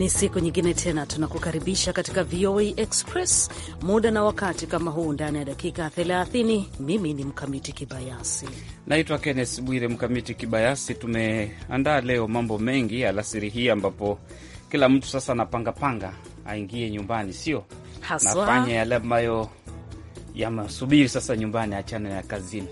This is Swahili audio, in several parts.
Ni siku nyingine tena tunakukaribisha katika VOA Express, muda na wakati kama huu, ndani ya dakika 30. Mimi ni Mkamiti Kibayasi, naitwa Kennes Bwire. Mkamiti Kibayasi, tumeandaa leo mambo mengi alasiri hii, ambapo kila mtu sasa anapangapanga aingie nyumbani, sio nafanya yale ambayo yamasubiri sasa nyumbani, achane na kazini,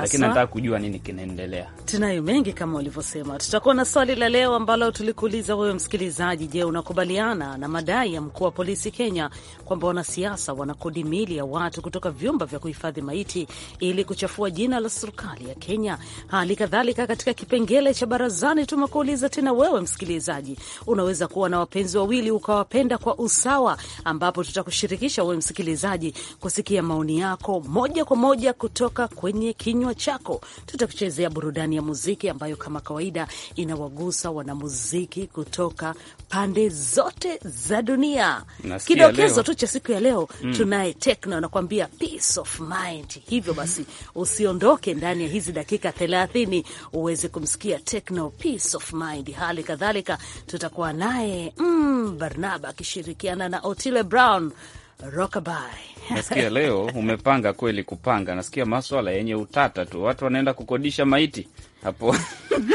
lakini nataka kujua nini kinaendelea tunayo mengi kama ulivyosema. Tutakuwa na swali la leo ambalo tulikuuliza wewe msikilizaji. Je, unakubaliana na madai ya mkuu wa polisi Kenya kwamba wanasiasa wanakodi mili ya watu kutoka vyumba vya kuhifadhi maiti ili kuchafua jina la serikali ya Kenya? Hali kadhalika, katika kipengele cha barazani tumekuuliza tena wewe msikilizaji, unaweza kuwa na wapenzi wawili ukawapenda kwa usawa, ambapo tutakushirikisha wewe msikilizaji kusikia maoni yako moja kwa moja kutoka kwenye kinywa chako. Tutakuchezea burudani ya muziki ambayo kama kawaida inawagusa wanamuziki kutoka pande zote za dunia. Kidokezo tu cha siku ya leo mm, tunaye Tekno anakuambia peace of mind. Hivyo basi usiondoke ndani ya hizi dakika thelathini uweze kumsikia Tekno peace of mind. Hali kadhalika tutakuwa naye mm, Barnaba akishirikiana na Otile Brown Rockabye. Nasikia leo umepanga kweli kupanga, nasikia maswala yenye utata tu, watu wanaenda kukodisha maiti hapo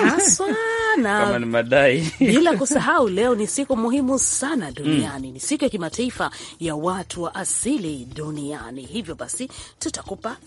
haswa kama ni madai bila kusahau, leo ni siku muhimu sana mm. duniani mm. Ni siku ya kimataifa ya watu wa asili duniani. Hivyo basi tutakupa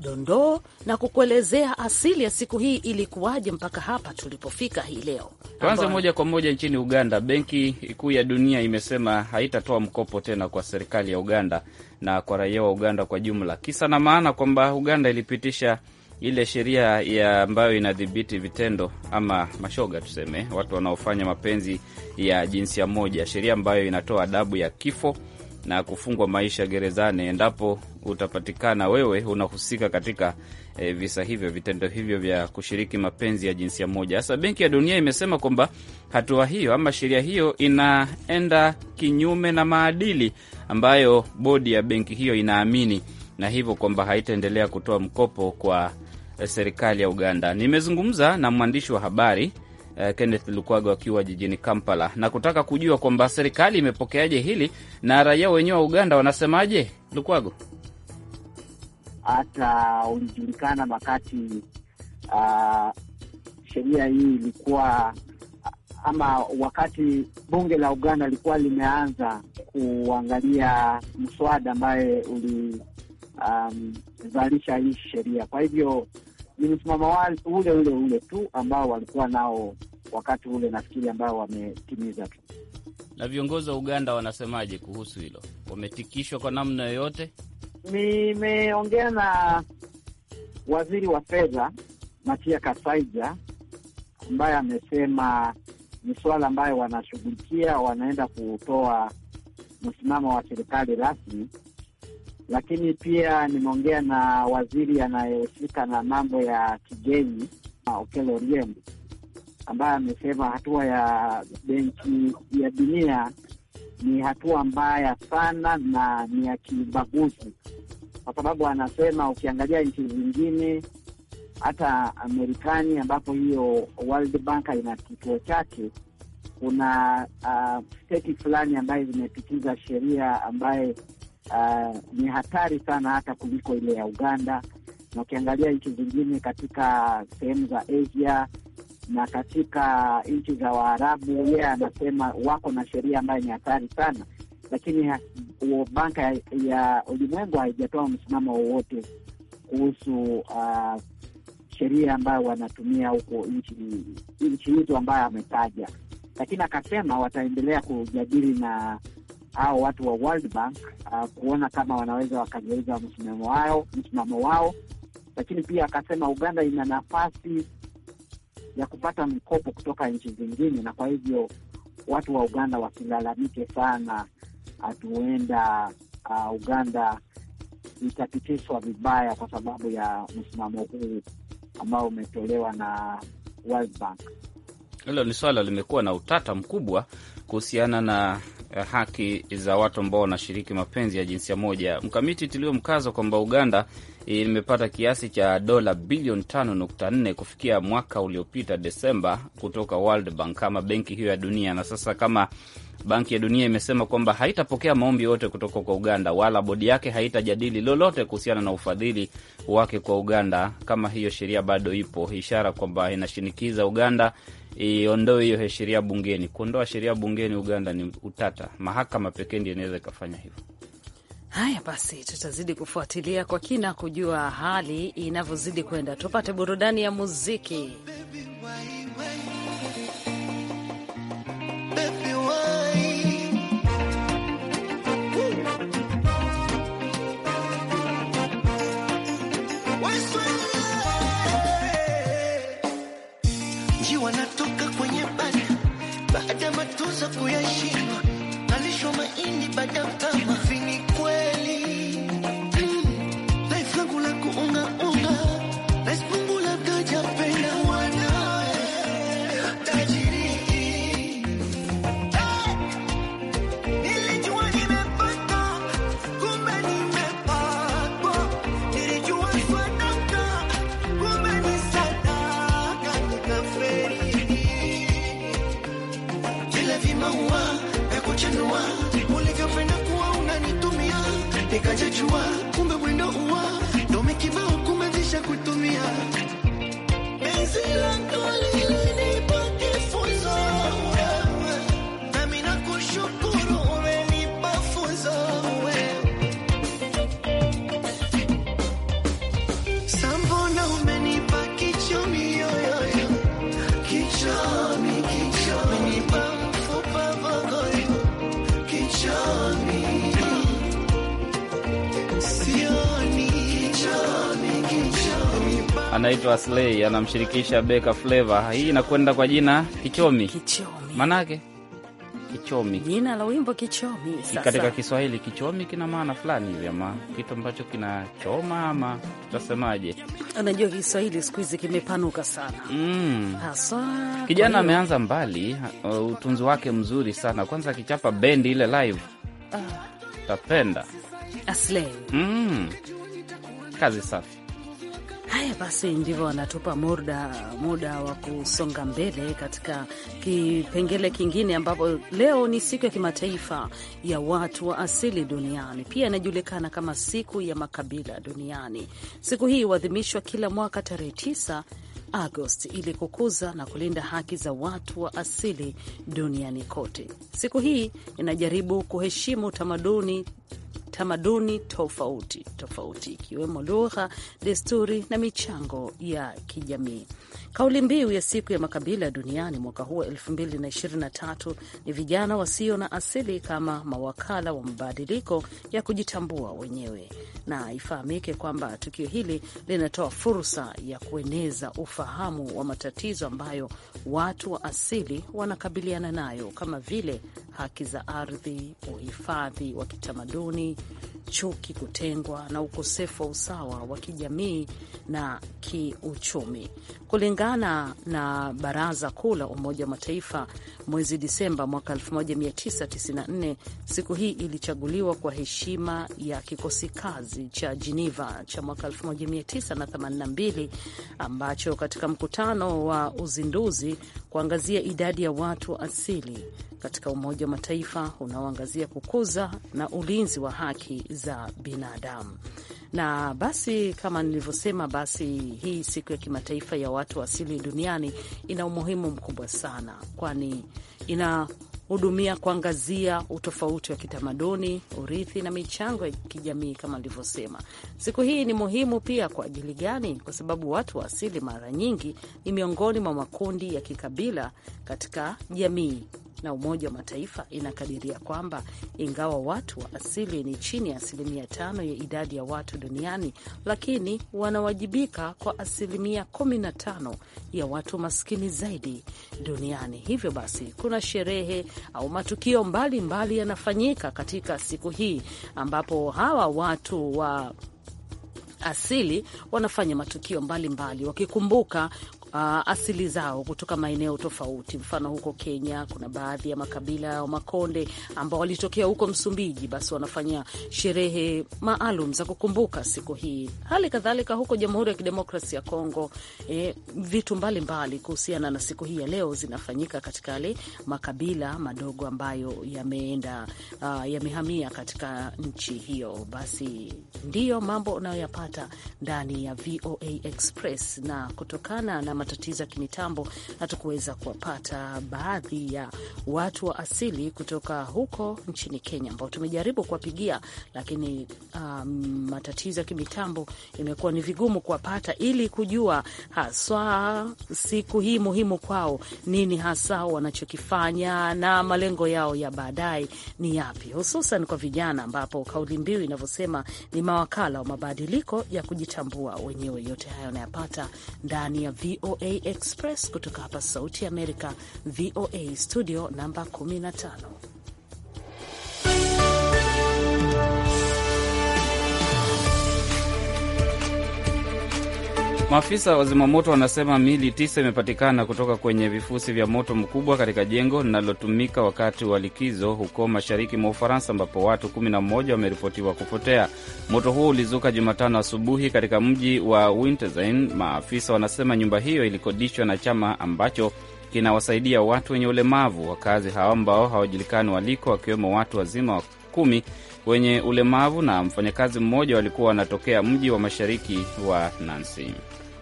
dondoo na kukuelezea asili ya siku hii ilikuwaje mpaka hapa tulipofika hii leo. Kwanza moja kwa moja nchini Uganda, Benki Kuu ya Dunia imesema haitatoa mkopo tena kwa serikali ya Uganda na kwa raia wa Uganda kwa jumla, kisa na maana kwamba Uganda ilipitisha ile sheria ambayo inadhibiti vitendo ama mashoga tuseme, watu wanaofanya mapenzi ya jinsia moja, sheria ambayo inatoa adabu ya kifo na kufungwa maisha gerezani endapo utapatikana wewe unahusika katika e, visa hivyo, vitendo hivyo vya kushiriki mapenzi ya jinsia moja. Sasa Benki ya Dunia imesema kwamba hatua hiyo ama sheria hiyo inaenda kinyume na maadili ambayo bodi ya benki hiyo inaamini, na hivyo kwamba haitaendelea kutoa mkopo kwa Eh, serikali ya Uganda. Nimezungumza na mwandishi wa habari eh, Kenneth Lukwago akiwa jijini Kampala na kutaka kujua kwamba serikali imepokeaje hili na raia wenyewe wa Uganda wanasemaje. Lukwago, hata ulijulikana wakati uh, sheria hii ilikuwa ama wakati bunge la Uganda lilikuwa limeanza kuangalia mswada ambaye zalisha um, hii sheria. Kwa hivyo ni msimamo ule ule ule tu ambao walikuwa nao wakati ule, nafikiri ambao wametimiza tu. Na viongozi wa Uganda wanasemaje kuhusu hilo? Wametikishwa kwa namna yoyote? Nimeongea na waziri wa fedha Matia Kasaija ambaye amesema ni suala ambayo wanashughulikia, wanaenda kutoa msimamo wa serikali rasmi lakini pia nimeongea na waziri anayehusika na mambo ya kigeni uh, Okelo Oryem ambaye amesema hatua ya Benki ya Dunia ni hatua mbaya sana na ni ya kibaguzi, kwa sababu anasema ukiangalia nchi zingine, hata amerikani ambapo hiyo World Bank ina kituo chake, kuna uh, steti fulani ambayo zimepitiza sheria ambaye uh, ni hatari sana hata kuliko ile ya Uganda, na ukiangalia nchi zingine katika sehemu za Asia na katika nchi za Waarabu, yeye yeah, anasema wako na sheria ambayo ni hatari sana, lakini Banka ya, ya Ulimwengu haijatoa msimamo wowote kuhusu uh, sheria ambayo wanatumia huko nchi hizo ambayo ametaja, lakini akasema wataendelea kujadili na au watu wa World Bank uh, kuona kama wanaweza wakageuza msimamo wao msimamo wao, lakini pia akasema Uganda ina nafasi ya kupata mkopo kutoka nchi zingine, na kwa hivyo watu wa Uganda wasilalamike sana atuenda uh, ah, Uganda itapitishwa vibaya kwa sababu ya msimamo huu ambao umetolewa na World Bank. Hilo ni swala limekuwa na utata mkubwa kuhusiana na Eh, haki za watu ambao wanashiriki mapenzi ya jinsia moja. Mkamiti tulio mkazo kwamba Uganda imepata kiasi cha dola bilioni 5.4 kufikia mwaka uliopita Desemba kutoka World Bank kama benki hiyo ya dunia, na sasa kama Banki ya Dunia imesema kwamba haitapokea maombi yote kutoka kwa Uganda wala bodi yake haitajadili lolote kuhusiana na ufadhili wake kwa Uganda kama hiyo sheria bado ipo, ishara kwamba inashinikiza Uganda iondoe hiyo sheria bungeni. Kuondoa sheria bungeni Uganda ni utata, mahakama pekee ndio inaweza ikafanya hivyo. Haya basi, tutazidi kufuatilia kwa kina kujua hali inavyozidi kwenda. Tupate burudani ya muziki. Nitema tuzo kuyashima nalisho mahindi badamtama nikajijua kumbe mwendo uwa ndo mekibao kumezisha kutumia anaitwa Slei anamshirikisha Beka Flava. Hii inakwenda kwa jina Kichomi, Kichomi manake Kichomi, jina la wimbo Kichomi. Sasa katika Kiswahili kichomi kina maana fulani hivi, ama kitu ambacho kinachoma, ama tutasemaje? Anajua Kiswahili siku hizi kimepanuka sana mm. Haswa kijana ameanza mbali, uh, utunzi wake mzuri sana. Kwanza akichapa bendi ile live uh, tapenda asle mm. kazi safi basi ndivyo wanatupa muda, muda wa kusonga mbele katika kipengele kingine, ambapo leo ni siku ya kimataifa ya watu wa asili duniani. Pia inajulikana kama siku ya makabila duniani. Siku hii huadhimishwa kila mwaka tarehe tisa Agosti ili kukuza na kulinda haki za watu wa asili duniani kote. Siku hii inajaribu kuheshimu tamaduni tamaduni tofauti tofauti, ikiwemo lugha, desturi na michango ya kijamii. Kauli mbiu ya siku ya makabila duniani mwaka huu wa 2023 ni vijana wasio na asili kama mawakala wa mabadiliko ya kujitambua wenyewe, na ifahamike kwamba tukio hili linatoa fursa ya kueneza ufahamu wa matatizo ambayo watu wa asili wanakabiliana nayo kama vile haki za ardhi, uhifadhi wa kitamaduni, chuki, kutengwa na ukosefu wa usawa wa kijamii na kiuchumi. Kulingana na Baraza Kuu la Umoja wa Mataifa, mwezi Disemba mwaka 1994 siku hii ilichaguliwa kwa heshima ya kikosi kazi cha Geneva cha mwaka 1982 ambacho katika mkutano wa uzinduzi kuangazia idadi ya watu asili katika Umoja wa Mataifa unaoangazia kukuza na ulinzi wa haki za binadamu. Na basi kama nilivyosema, basi hii siku ya kimataifa ya watu asili duniani ina umuhimu mkubwa sana, kwani hudumia kuangazia utofauti wa kitamaduni, urithi na michango ya kijamii kama nilivyosema. Siku hii ni muhimu pia kwa ajili gani? Kwa sababu watu wa asili mara nyingi ni miongoni mwa makundi ya kikabila katika jamii na Umoja wa Mataifa inakadiria kwamba ingawa watu wa asili ni chini ya asilimia tano ya idadi ya watu duniani, lakini wanawajibika kwa asilimia tano ya watu maskini zaidi duniani. Hivyo basi, kuna sherehe au matukio mbalimbali yanafanyika katika siku hii ambapo hawa watu wa asili wanafanya matukio mbalimbali mbali, wakikumbuka uh, asili zao kutoka maeneo tofauti. Mfano huko Kenya kuna baadhi ya makabila ya Makonde ambao walitokea huko Msumbiji, basi wanafanya sherehe maalum za kukumbuka siku hii. Hali kadhalika huko Jamhuri ya Kidemokrasi ya Kongo eh, vitu mbalimbali kuhusiana na siku hii ya leo zinafanyika katika yale makabila madogo ambayo yameenda uh, yamehamia katika nchi hiyo. Basi ndiyo mambo unayoyapata ndani ya VOA Express na kutokana na matatizo ya kimitambo, hatukuweza kuwapata baadhi ya watu wa asili kutoka huko nchini Kenya ambao tumejaribu kuwapigia, lakini um, matatizo ya kimitambo imekuwa ni vigumu kuwapata ili kujua haswa siku hii muhimu kwao nini hasa wanachokifanya na malengo yao ya baadaye ni yapi, hususan kwa vijana, ambapo kauli mbiu inavyosema ni mawakala wa mabadiliko ya kujitambua wenyewe. Yote hayo anayapata ndani ya VO VOA Express kutoka hapa Sauti ya Amerika, VOA studio namba 15. Maafisa wa zimamoto wanasema mili tisa imepatikana kutoka kwenye vifusi vya moto mkubwa katika jengo linalotumika wakati wa likizo huko mashariki mwa Ufaransa, ambapo watu 11 wameripotiwa kupotea. Moto huo ulizuka Jumatano asubuhi katika mji wa Winterthur. Maafisa wanasema nyumba hiyo ilikodishwa na chama ambacho kinawasaidia watu wenye ulemavu. Wakazi hao ambao hawajulikani waliko, wakiwemo watu wazima wa kumi wenye ulemavu na mfanyakazi mmoja, walikuwa wanatokea mji wa mashariki wa Nancy.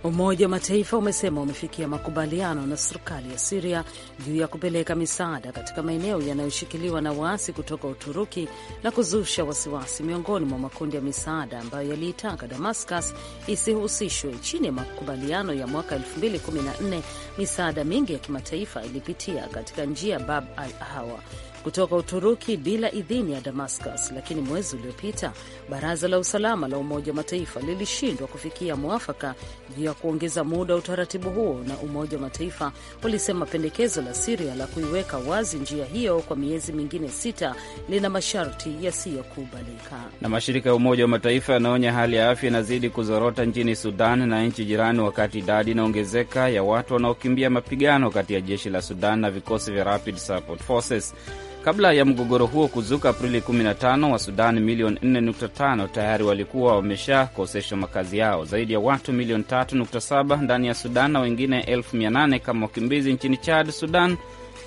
Umoja wa Mataifa umesema umefikia makubaliano na serikali ya Siria juu ya kupeleka misaada katika maeneo yanayoshikiliwa na waasi kutoka Uturuki na kuzusha wasiwasi miongoni mwa makundi ya misaada ambayo yaliitaka Damascus isihusishwe. Chini ya makubaliano ya mwaka 2014 misaada mingi ya kimataifa ilipitia katika njia Bab al Hawa kutoka Uturuki bila idhini ya Damascus, lakini mwezi uliopita baraza la usalama la Umoja wa Mataifa lilishindwa kufikia mwafaka juu ya kuongeza muda wa utaratibu huo, na Umoja wa Mataifa ulisema pendekezo la Siria la kuiweka wazi njia hiyo kwa miezi mingine sita lina masharti yasiyokubalika. Na mashirika ya Umoja wa Mataifa yanaonya hali ya afya inazidi kuzorota nchini Sudan na nchi jirani, wakati idadi inaongezeka ya watu wanaokimbia mapigano kati ya jeshi la Sudan na vikosi vya Rapid Support Forces. Kabla ya mgogoro huo kuzuka Aprili 15, wa Sudani milioni 4.5 tayari walikuwa wameshakoseshwa makazi yao, zaidi ya watu milioni 3.7 ndani ya Sudan na wengine 8 kama wakimbizi nchini Chad, Sudan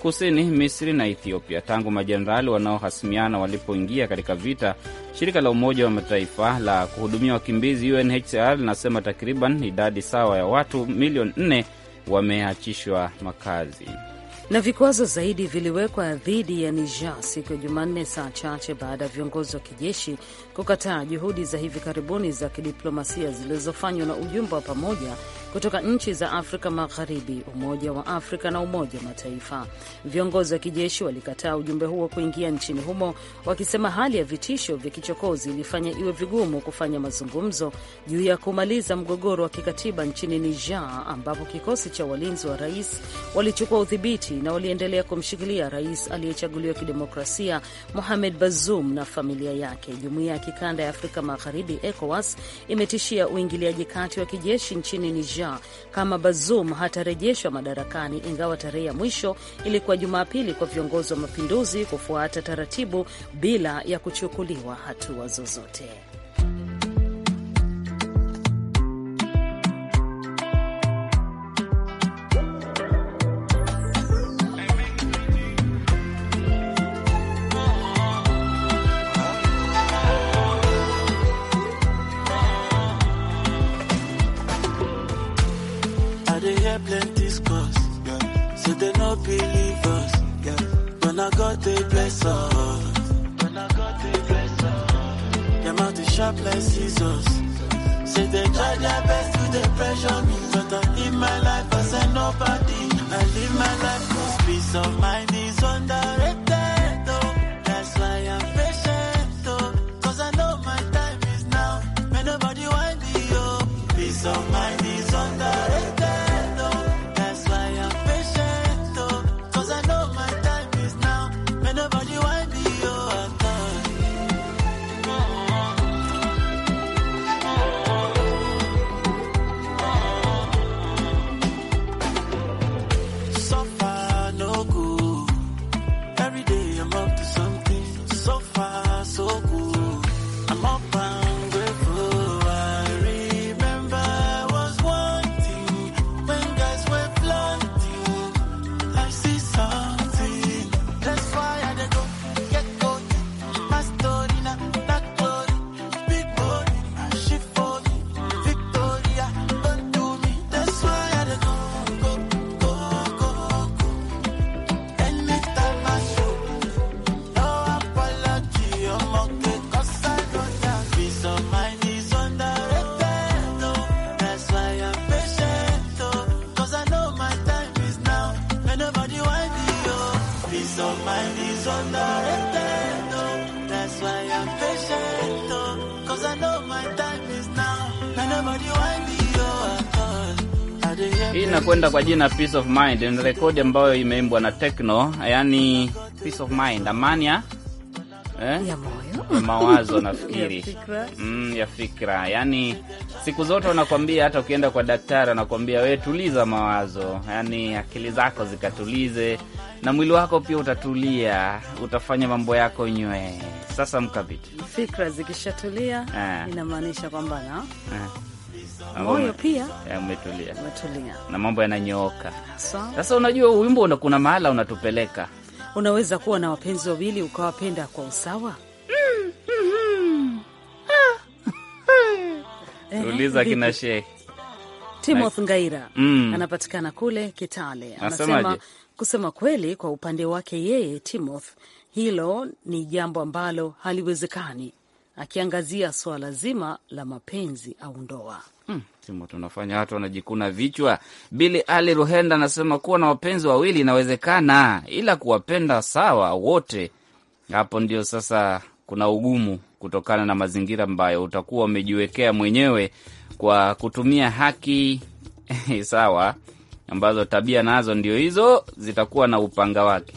Kusini, Misri na Ethiopia. Tangu majenerali wanaohasimiana walipoingia katika vita, shirika la Umoja wa Mataifa la kuhudumia wakimbizi UNHCR linasema takriban idadi sawa ya watu milioni 4 wameachishwa makazi. Na vikwazo zaidi viliwekwa dhidi ya Niger siku ya Jumanne, saa chache baada ya viongozi wa kijeshi kukataa juhudi za hivi karibuni za kidiplomasia zilizofanywa na ujumbe wa pamoja kutoka nchi za Afrika Magharibi, Umoja wa Afrika na Umoja wa Mataifa. Viongozi wa kijeshi walikataa ujumbe huo kuingia nchini humo, wakisema hali ya vitisho vya kichokozi ilifanya iwe vigumu kufanya mazungumzo juu ya kumaliza mgogoro wa kikatiba nchini Niger, ambapo kikosi cha walinzi wa rais walichukua udhibiti na waliendelea kumshikilia rais aliyechaguliwa kidemokrasia Mohamed Bazoum na familia yake. Jumuiya kikanda ya Afrika Magharibi, ECOWAS, imetishia uingiliaji kati wa kijeshi nchini Niger kama Bazoum hatarejeshwa madarakani, ingawa tarehe ya mwisho ilikuwa Jumapili kwa viongozi wa mapinduzi kufuata taratibu bila ya kuchukuliwa hatua zozote. tes blessures. Your mouth is sharp like scissors. Say they try their best to depression me. But I live my life as a nobody. I live my life cause peace of mind is under. Hii inakwenda kwa jina Peace of Mind, ni rekodi ambayo imeimbwa na Tekno, yani Peace of Mind, amani ya eh? mawazo nafikiri ya fikra. Mm, ya yani siku zote wanakwambia, hata ukienda kwa daktari anakwambia we tuliza mawazo, yani akili zako zikatulize na mwili wako pia utatulia, utafanya mambo yako nywe Sasa mkabiti fikra zikishatulia, eh. inamaanisha kwamba na eh moyo pia eh, umetulia, na mambo yananyooka. Sasa unajua, wimbo kuna mahala unatupeleka. Unaweza kuwa na wapenzi wawili ukawapenda kwa usawa. Uliza eh, kina Sheikh Timoth Ngaira mm. anapatikana kule Kitale, anasema kusema kweli, kwa upande wake yeye Timoth, hilo ni jambo ambalo haliwezekani akiangazia swala zima la mapenzi au ndoa. Hmm, tunafanya watu wanajikuna vichwa. Bili Ali Ruhenda anasema kuwa na wapenzi wawili inawezekana, ila kuwapenda sawa wote, hapo ndio sasa kuna ugumu, kutokana na mazingira ambayo utakuwa umejiwekea mwenyewe kwa kutumia haki sawa, ambazo tabia nazo ndio hizo zitakuwa na upanga wake.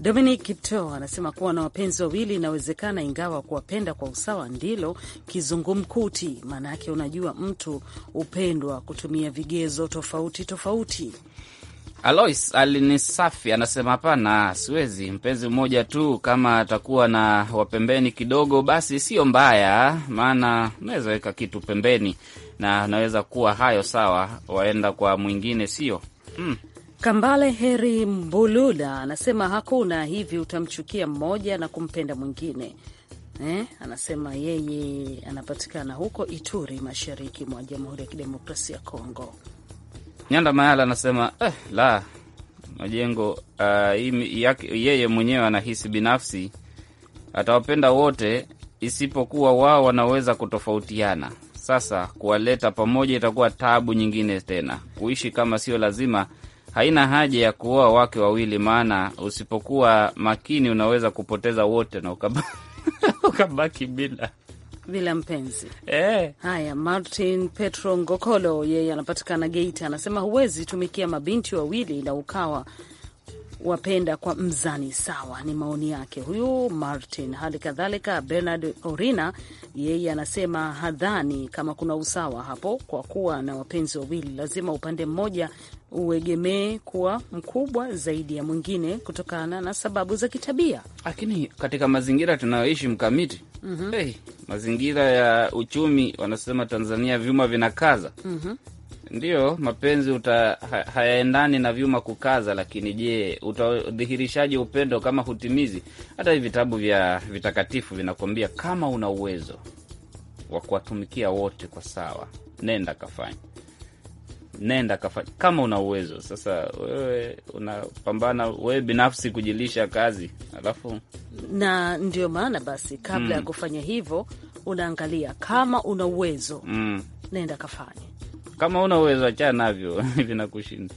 Dominic Kipto anasema kuwa na wapenzi wawili inawezekana, ingawa kuwapenda kwa usawa ndilo kizungumkuti. Maana yake unajua, mtu hupendwa kutumia vigezo tofauti tofauti. Alois alinisafi anasema hapana, siwezi mpenzi mmoja tu. Kama atakuwa na wapembeni kidogo, basi sio mbaya, maana unaweza weka kitu pembeni na naweza kuwa hayo sawa, waenda kwa mwingine, sio mm. Kambale Heri Mbulula anasema hakuna hivi utamchukia mmoja na kumpenda mwingine. Eh, anasema yeye anapatikana huko Ituri, mashariki mwa Jamhuri ya Kidemokrasia ya Kongo. Nyanda Mayala anasema eh, la majengo uh, yeye mwenyewe anahisi binafsi atawapenda wote isipokuwa wao wanaweza kutofautiana. Sasa kuwaleta pamoja itakuwa tabu nyingine tena. Kuishi kama sio lazima haina haja ya kuoa wake wawili, maana usipokuwa makini unaweza kupoteza wote na ukabaki bila bila mpenzi eh. Haya, Martin Petro Ngokolo yeye anapatikana Geita, anasema huwezi tumikia mabinti wawili na ukawa wapenda kwa mzani sawa. Ni maoni yake huyu Martin. Hali kadhalika Bernard Orina yeye anasema hadhani kama kuna usawa hapo, kwa kuwa na wapenzi wawili lazima upande mmoja uegemee kuwa mkubwa zaidi ya mwingine kutokana na sababu za kitabia. Lakini katika mazingira tunayoishi mkamiti, mm -hmm. Eh, hey, mazingira ya uchumi, wanasema Tanzania vyuma vinakaza. mm -hmm. Ndio, mapenzi uta, hayaendani na vyuma kukaza, lakini je, utadhihirishaje upendo kama hutimizi? Hata hivi vitabu vya vitakatifu vinakuambia kama una uwezo wa kuwatumikia wote kwa sawa, nenda kafanya nenda kafanya kama una uwezo. Sasa wewe unapambana wewe binafsi kujilisha kazi, alafu na ndio maana basi, kabla ya mm. kufanya hivyo unaangalia kama una uwezo mm. nenda kafanya, kama una uwezo achana navyo vinakushinda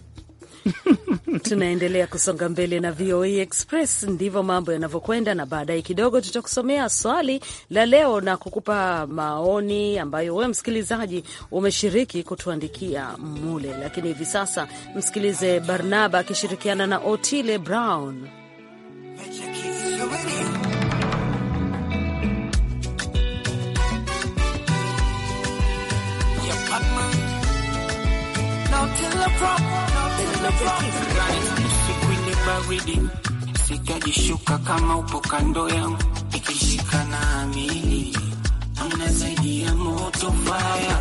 Tunaendelea kusonga mbele na VOA Express, ndivyo mambo yanavyokwenda, na baadaye kidogo tutakusomea swali la leo na kukupa maoni ambayo wewe msikilizaji umeshiriki kutuandikia mule. Lakini hivi sasa msikilize Barnaba akishirikiana na Otile Brown. siku ile baridi sitajishuka, kama upo kando yangu ikishikana amili ana zaidi ya moto faya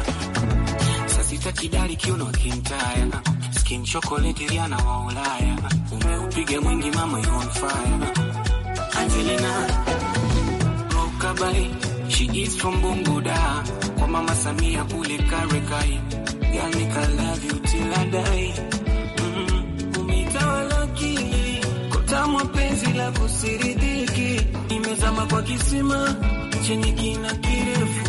sasita kidari kiuno kintaya skin chocolate riana wa Ulaya umeupiga mwingi mama you on fire Angelina Mokabai she is from Bunguda kwa mama Samia kule Karakai yani I love you till I die mwa penzi la kusiridiki imezama kwa kisima chenye kina kirefu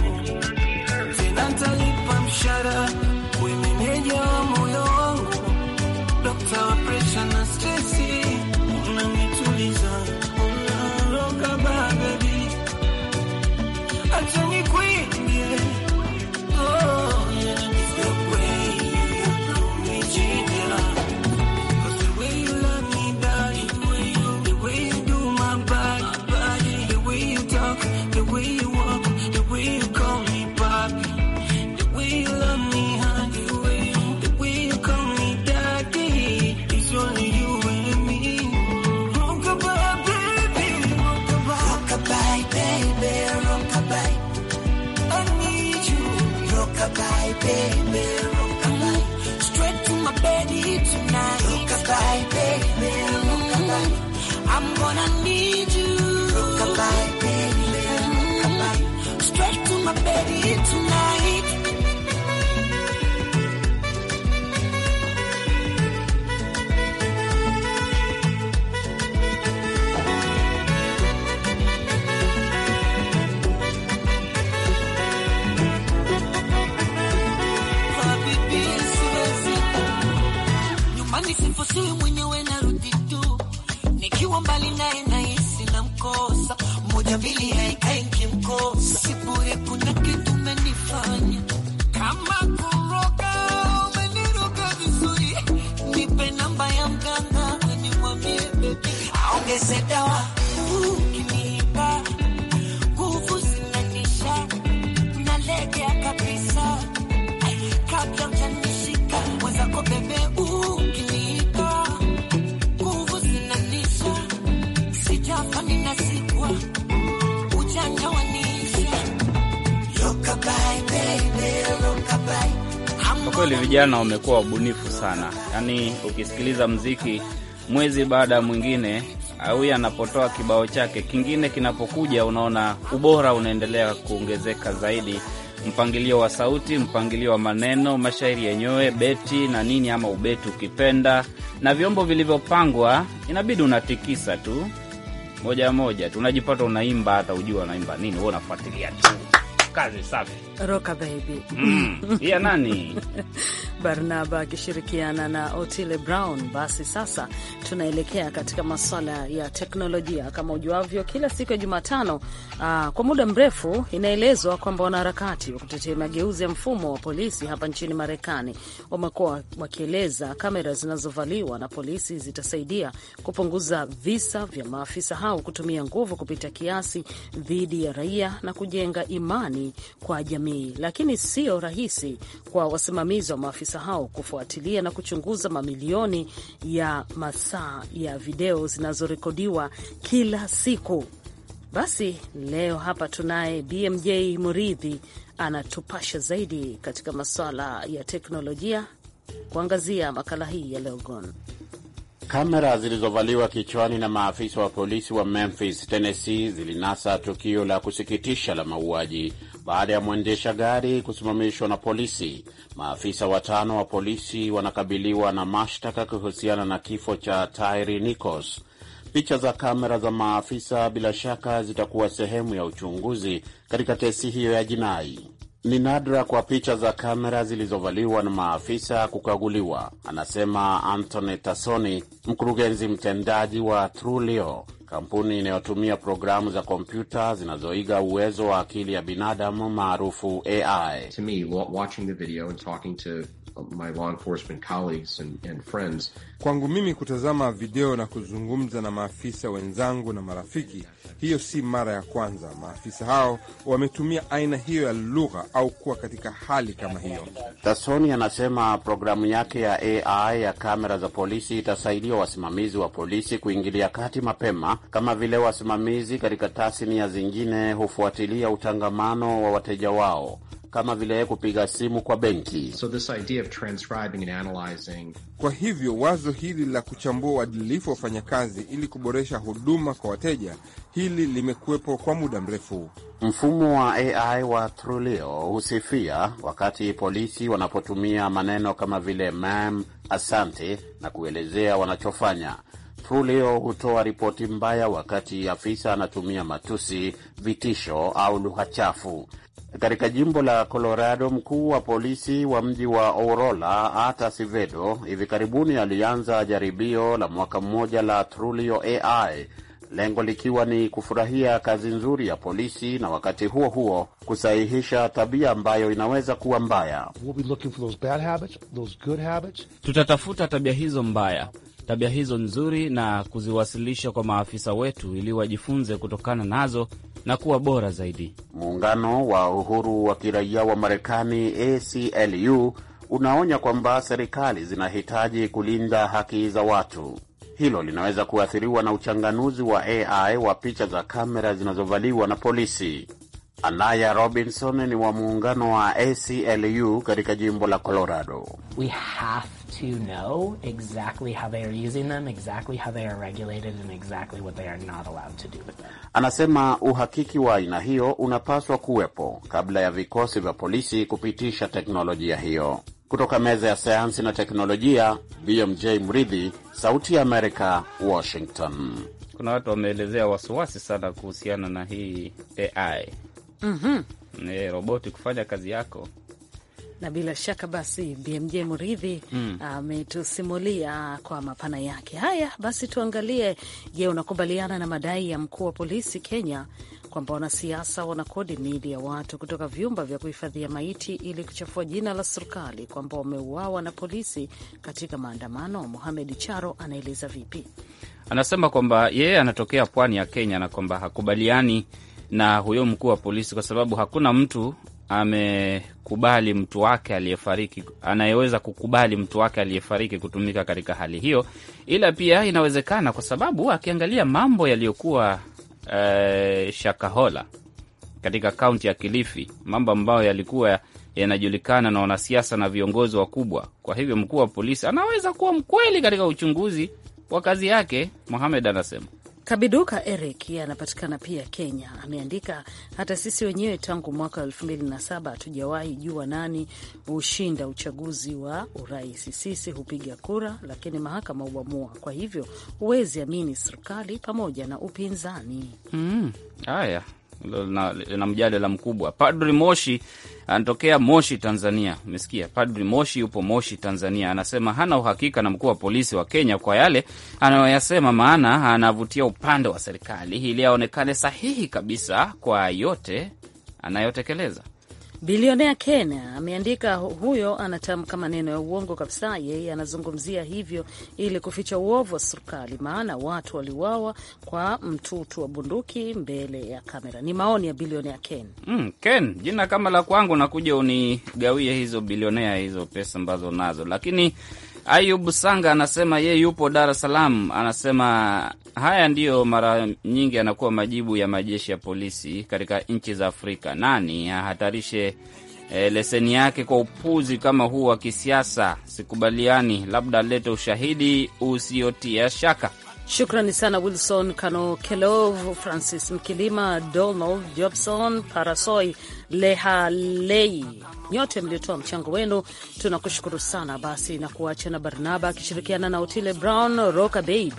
kweli vijana wamekuwa wabunifu sana, yaani ukisikiliza mziki mwezi baada ya mwingine, huyu anapotoa kibao chake kingine kinapokuja, unaona ubora unaendelea kuongezeka zaidi, mpangilio wa sauti, mpangilio wa maneno, mashairi yenyewe, beti na nini, ama ubeti ukipenda, na vyombo vilivyopangwa, inabidi unatikisa tu moja moja, unajipata unaimba, hata ujua unaimba nini, we unafuatilia tu kazi safi. Roka baby. Mm, ya nani? Barnaba akishirikiana na Otile Brown. Basi sasa tunaelekea katika maswala ya teknolojia. Kama ujuavyo, kila siku ya Jumatano aa, ah, kwa muda mrefu inaelezwa kwamba wanaharakati wa kutetea mageuzi ya mfumo wa polisi hapa nchini Marekani wamekuwa wakieleza kamera zinazovaliwa na polisi zitasaidia kupunguza visa vya maafisa hao kutumia nguvu kupita kiasi dhidi ya raia na kujenga imani kwa jamii, lakini sio rahisi kwa wasimamizi wa maafisa usisahau kufuatilia na kuchunguza mamilioni ya masaa ya video zinazorekodiwa kila siku. Basi leo hapa tunaye BMJ Muridhi anatupasha zaidi katika masuala ya teknolojia, kuangazia makala hii ya Leogon. Kamera zilizovaliwa kichwani na maafisa wa polisi wa Memphis, Tennessee zilinasa tukio la kusikitisha la mauaji baada ya mwendesha gari kusimamishwa na polisi. Maafisa watano wa polisi wanakabiliwa na mashtaka kuhusiana na kifo cha Tairi Nikos. Picha za kamera za maafisa bila shaka zitakuwa sehemu ya uchunguzi katika kesi hiyo ya jinai. Ni nadra kwa picha za kamera zilizovaliwa na maafisa kukaguliwa, anasema Anthony Tassoni, mkurugenzi mtendaji wa Trulio, kampuni inayotumia programu za kompyuta zinazoiga uwezo wa akili ya binadamu maarufu AI. To me, watching the video and talking to my law enforcement colleagues and, and friends. Kwangu mimi kutazama video na kuzungumza na maafisa wenzangu na marafiki, hiyo si mara ya kwanza. Maafisa hao wametumia aina hiyo ya lugha au kuwa katika hali kama hiyo. Tasoni anasema programu yake ya AI ya kamera za polisi itasaidia wasimamizi wa polisi kuingilia kati mapema, kama vile wasimamizi katika tasnia zingine hufuatilia utangamano wa wateja wao kama vile kupiga simu kwa benki. So this idea of transcribing and analyzing... kwa hivyo wazo hili la kuchambua uadilifu wa wafanyakazi ili kuboresha huduma kwa wateja, hili limekuwepo kwa muda mrefu. Mfumo wa AI wa Trulio husifia wakati polisi wanapotumia maneno kama vile mam, asante na kuelezea wanachofanya. Trulio hutoa ripoti mbaya wakati afisa anatumia matusi, vitisho au lugha chafu. Katika jimbo la Colorado, mkuu wa polisi wa mji wa Aurora Ata Sivedo hivi karibuni alianza jaribio la mwaka mmoja la Trulio AI, lengo likiwa ni kufurahia kazi nzuri ya polisi na wakati huo huo kusahihisha tabia ambayo inaweza kuwa mbaya. We'll those bad habits, those good habits. Tutatafuta tabia hizo mbaya tabia hizo nzuri na kuziwasilisha kwa maafisa wetu ili wajifunze kutokana nazo na kuwa bora zaidi. Muungano wa uhuru wa kiraia wa Marekani ACLU unaonya kwamba serikali zinahitaji kulinda haki za watu. Hilo linaweza kuathiriwa na uchanganuzi wa AI wa picha za kamera zinazovaliwa na polisi. Anaya Robinson ni wa muungano wa ACLU katika jimbo la Colorado. We have to know exactly how they are using them, exactly how they are regulated and exactly what they are not allowed to do with them. Anasema uhakiki wa aina hiyo unapaswa kuwepo kabla ya vikosi vya polisi kupitisha teknolojia hiyo. Kutoka meza ya sayansi na teknolojia, BMJ Mridhi, Sauti ya Amerika, Washington. Kuna watu wameelezea wasiwasi sana kuhusiana na hii AI, mm -hmm. E, eh, roboti kufanya kazi yako na bila shaka basi BMJ mridhi mm. ametusimulia mm. uh, kwa mapana yake. Haya basi, tuangalie, je, unakubaliana na madai ya mkuu wa polisi Kenya kwamba wanasiasa wanakodi miili ya watu kutoka vyumba vya kuhifadhia maiti ili kuchafua jina la serikali kwamba wameuawa na polisi katika maandamano. muhamed Charo anaeleza vipi. Anasema kwamba yeye anatokea pwani ya Kenya na kwamba hakubaliani na huyo mkuu wa polisi kwa sababu hakuna mtu amekubali mtu wake aliyefariki, anayeweza kukubali mtu wake aliyefariki kutumika katika hali hiyo, ila pia inawezekana kwa sababu akiangalia mambo yaliyokuwa e, Shakahola katika kaunti ya Kilifi, mambo ambayo yalikuwa yanajulikana na wanasiasa na viongozi wakubwa. Kwa hivyo mkuu wa polisi anaweza kuwa mkweli katika uchunguzi wa kazi yake, Mohamed anasema. Kabiduka Eric yeye anapatikana pia Kenya, ameandika hata sisi wenyewe tangu mwaka elfu mbili na saba hatujawahi jua nani hushinda uchaguzi wa urais. Sisi hupiga kura, lakini mahakama huamua. Kwa hivyo huwezi amini serikali pamoja na upinzani. Mm. Haya, mm, na, mjadala mkubwa. Padri Moshi anatokea Moshi, Tanzania. Umesikia, Padri Moshi yupo Moshi, Tanzania, anasema hana uhakika na mkuu wa polisi wa Kenya kwa yale anayoyasema, maana anavutia upande wa serikali ili aonekane sahihi kabisa kwa yote anayotekeleza. Bilionea Ken ameandika, huyo anatamka maneno ya uongo kabisa. Yeye anazungumzia hivyo ili kuficha uovu wa serikali, maana watu waliuawa kwa mtutu wa bunduki mbele ya kamera. Ni maoni ya bilionea Ken. Mm, Ken, jina kama la kwangu, nakuja unigawie hizo bilionea hizo pesa ambazo nazo, lakini Ayub Sanga anasema ye yupo Dar es Salaam. Anasema haya ndiyo mara nyingi anakuwa majibu ya majeshi ya polisi katika nchi za Afrika. Nani ahatarishe e, leseni yake kwa upuzi kama huu wa kisiasa? Sikubaliani, labda alete ushahidi usiotia shaka. Shukrani sana Wilson Kanokelov, Francis Mkilima, Donald Jobson, Parasoi Lehalei, nyote mliotoa mchango wenu tunakushukuru sana. Basi na kuacha na Barnaba akishirikiana na Otile Brown, Roka Babe.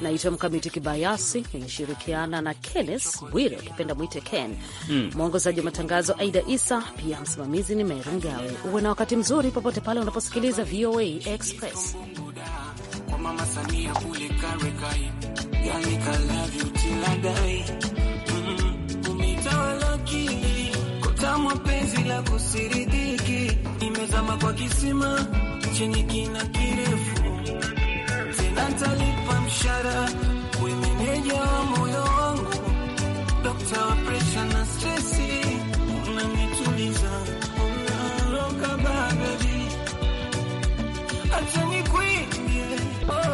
Naitwa Mkamiti Kibayasi, nishirikiana na Kennes Bwire, ukipenda mwite Ken. Hmm. Mwongozaji mm. wa matangazo Aida Isa, pia msimamizi ni Meri Mgawe. Uwe na wakati mzuri popote pale unaposikiliza VOA Express. Mama Samia kule Karekai, yani I love you till I die. Mm, mm-hmm. umetawalaki kota mapenzi la kusiridiki, imezama kwa kisima chenye kina kirefu, tena talipa mshara wemeneja wa moyo wangu, dokta wa presha na stresi, unanituliza unaloka achani Oh.